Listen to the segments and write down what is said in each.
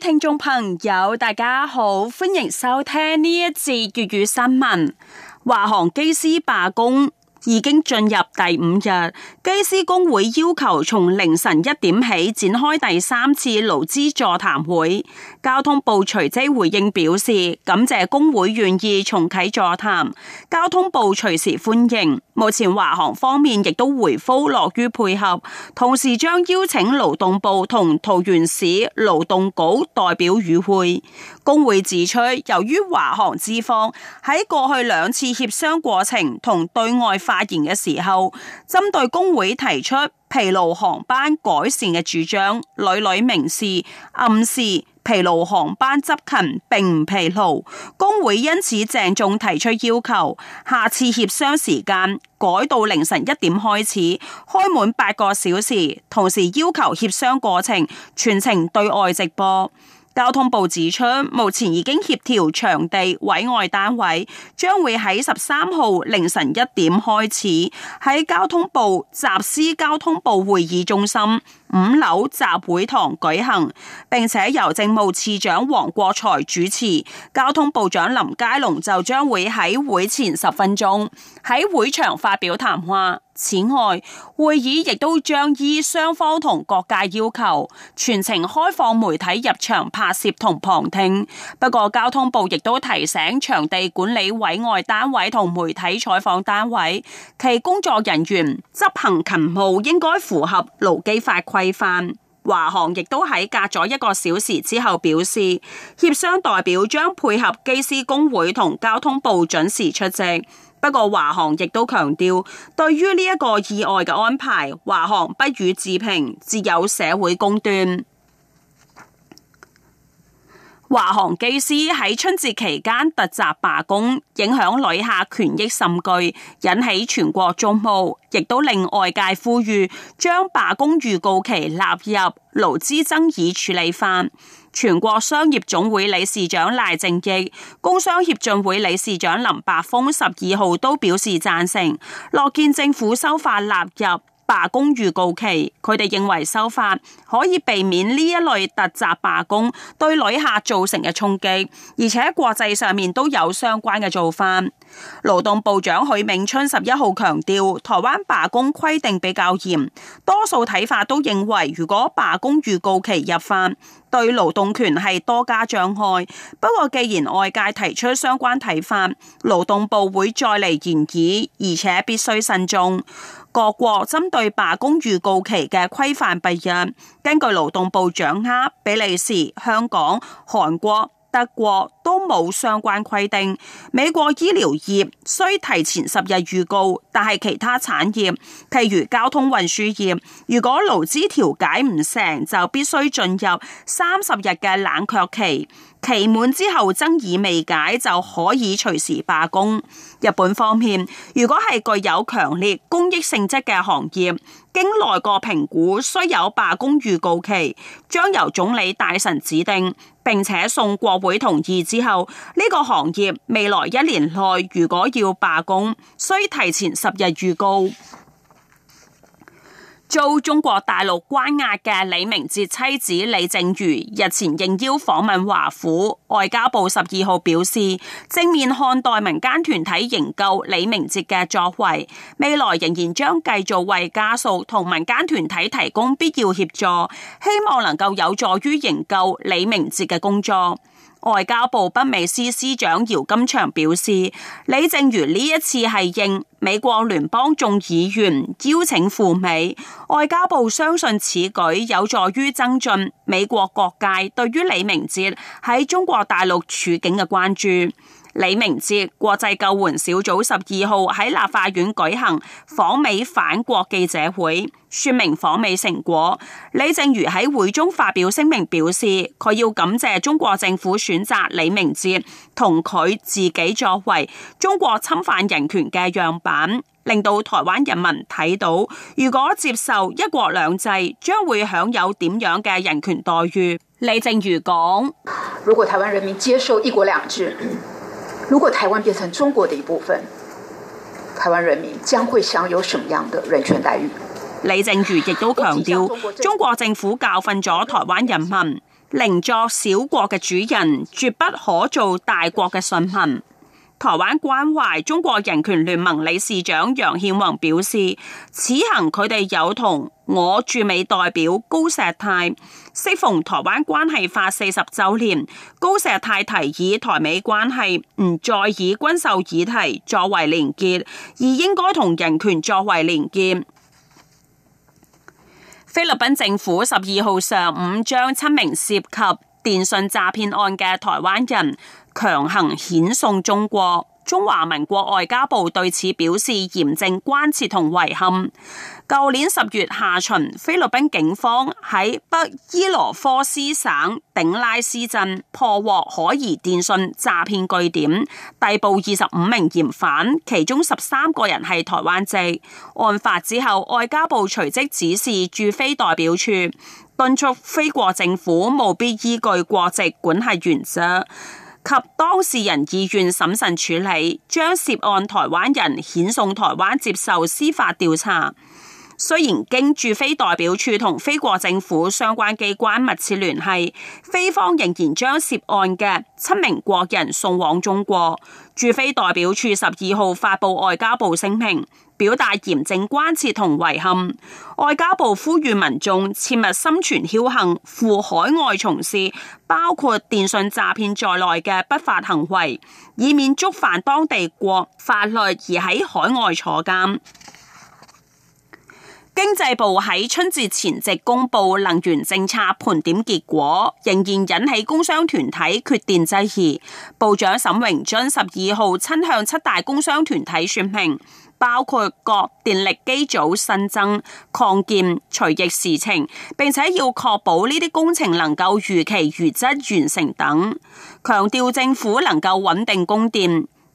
聽眾朋友，大家好，歡迎收聽呢一節粵語新聞。華航機師罷工已經進入第五日，機師工會要求從凌晨一點起展開第三次勞資座談會。交通部隨即回應表示，感謝工會願意重啟座談，交通部隨時歡迎。目前華航方面亦都回覆樂於配合，同時將邀請勞動部同桃園市勞動局代表與會。工會指出，由於華航資方喺過去兩次協商過程同對外發言嘅時候，針對工會提出疲勞航班改善嘅主張，屢屢明示暗示。疲勞航班執勤並唔疲勞，工會因此鄭重提出要求，下次協商時間改到凌晨一點開始，開滿八個小時，同時要求協商過程全程對外直播。交通部指出，目前已經協調場地、委外單位，將會喺十三號凌晨一點開始喺交通部集思交通部會議中心。五樓集會堂舉行，並且由政務次長黃國財主持。交通部長林佳龍就將會喺會前十分鐘喺會場發表談話。此外，會議亦都將依雙方同各界要求，全程開放媒體入場拍攝同旁聽。不過，交通部亦都提醒場地管理委外單位同媒體採訪單位，其工作人員執行勤務應該符合勞基法規。規範，華航亦都喺隔咗一個小時之後表示，協商代表將配合機師工會同交通部準時出席。不過華航亦都強調，對於呢一個意外嘅安排，華航不予置評，自有社會公斷。華航機師喺春節期間突襲罷工，影響旅客權益甚巨，引起全國矚目，亦都令外界呼籲將罷工預告期納入勞資爭議處理法。全國商業總會理事長賴正鎰、工商協進會理事長林伯豐十二號都表示贊成，樂見政府修法納入。罷工預告期，佢哋認為修法可以避免呢一類突襲罷工對旅客造成嘅衝擊，而且國際上面都有相關嘅做法。勞動部長許銘春十一號強調，台灣罷工規定比較嚴，多數睇法都認為如果罷工預告期入法，對勞動權係多加障礙。不過既然外界提出相關睇法，勞動部會再嚟研議，而且必須慎重。各國針對罷工預告期嘅規範不一，根據勞動部掌握，比利時、香港、韓國、德國都冇相關規定。美國醫療業需提前十日預告，但係其他產業，譬如交通運輸業，如果勞資調解唔成，就必須進入三十日嘅冷卻期。期滿之後爭議未解就可以隨時罷工。日本方面，如果係具有強烈公益性質嘅行業，經內閣評估，需有罷工預告期，將由總理大臣指定，並且送國會同意之後，呢個行業未來一年內如果要罷工，需提前十日預告。遭中國大陸關押嘅李明哲妻子李淨瑜日前應邀訪問華府，外交部十二號表示正面看待民間團體營救李明哲嘅作為，未來仍然將繼續為家屬同民間團體提供必要協助，希望能夠有助於營救李明哲嘅工作。外交部北美司司長姚金祥表示，李凈瑜呢一次係應美國聯邦眾議員邀請赴美，外交部相信此舉有助於增進美國各界對於李明哲喺中國大陸處境嘅關注。李明哲國際救援小組十二號喺立法院舉行訪美返國記者會，說明訪美成果。李凈瑜喺會中發表聲明，表示佢要感謝中國政府選擇李明哲同佢自己作為中國侵犯人權嘅樣板，令到台灣人民睇到如果接受一國兩制，將會享有點樣嘅人權待遇。李凈瑜講：如果台灣人民接受一國兩制。如果台灣變成中國的一部分，台灣人民將會享有什麼樣的人權待遇？李凈瑜亦都強調，中國政府教訓咗台灣人民，寧作小國嘅主人，絕不可做大國嘅順民。台灣關懷中國人權聯盟理事長楊憲宏表示，此行佢哋有同我駐美代表高石泰。適逢台灣關係法四十周年，高石泰提議台美關係唔再以軍售議題作為連結，而應該同人權作為連結。菲律賓政府十二號上午將七名涉及電信詐騙案嘅台灣人。強行遣送中國，中華民國外交部對此表示嚴正關切同遺憾。舊年十月下旬，菲律賓警方喺北伊羅科斯省頂拉斯鎮破獲可疑電信詐騙據點，逮捕二十五名嫌犯，其中十三個人係台灣籍。案發之後，外交部隨即指示駐菲代表處敦促菲國政府務必依據國籍管轄原則。及當事人意願審慎處理，將涉案台灣人遣送台灣接受司法調查。雖然經駐菲代表處同菲國政府相關機關密切聯繫，菲方仍然將涉案嘅七名國人送往中國。駐菲代表處十二號發布外交部聲明，表達嚴正關切同遺憾。外交部呼籲民眾切勿心存僥幸赴海外從事包括電信詐騙在內嘅不法行為，以免觸犯當地國法律而喺海外坐監。經濟部喺春節前夕公佈能源政策盤點結果，仍然引起工商團體缺電質疑。部長沈榮津十二號親向七大工商團體說明，包括各電力機組新增、擴建、除役時程，並且要確保呢啲工程能夠如期、如質、完成等，強調政府能夠穩定供電。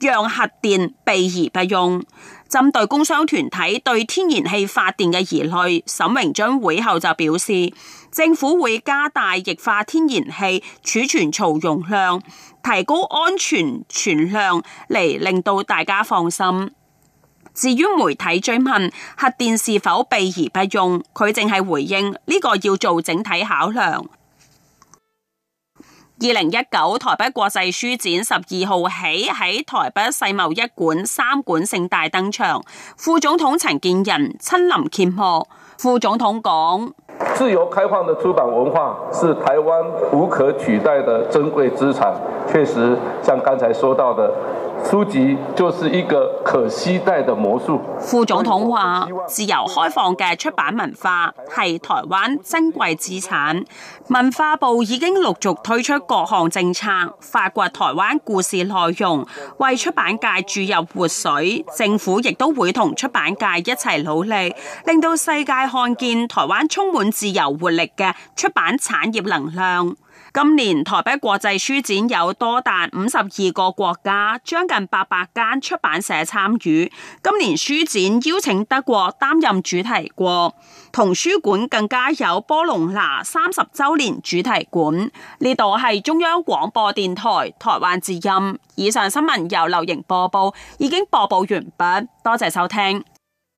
讓核電備而不用，針對工商團體對天然氣發電嘅疑慮，沈榮津會後就表示，政府會加大液化天然氣儲存槽容量，提高安全存量嚟令到大家放心。至於媒體追問核電是否備而不用，佢淨係回應呢、這個要做整體考量。二零一九台北國際書展十二號起喺台北世貿一館三館盛大登場，副總統陳建仁親臨揭幕。副總統講：自由開放的出版文化是台灣無可取代的珍貴資產，確實像剛才說到的。書籍就是一個可期待的魔術。副總統話：自由開放嘅出版文化係台灣珍貴資產。文化部已經陸續推出各項政策，發掘台灣故事內容，為出版界注入活水。政府亦都會同出版界一齊努力，令到世界看見台灣充滿自由活力嘅出版產業能量。今年台北國際書展有多達五十二個國家，將近八百間出版社參與。今年書展邀請德國擔任主題國，童書館更加有波隆拿三十周年主題館。呢度係中央廣播電台台灣之音。以上新聞由劉瑩播報，已經播報完畢，多謝收聽。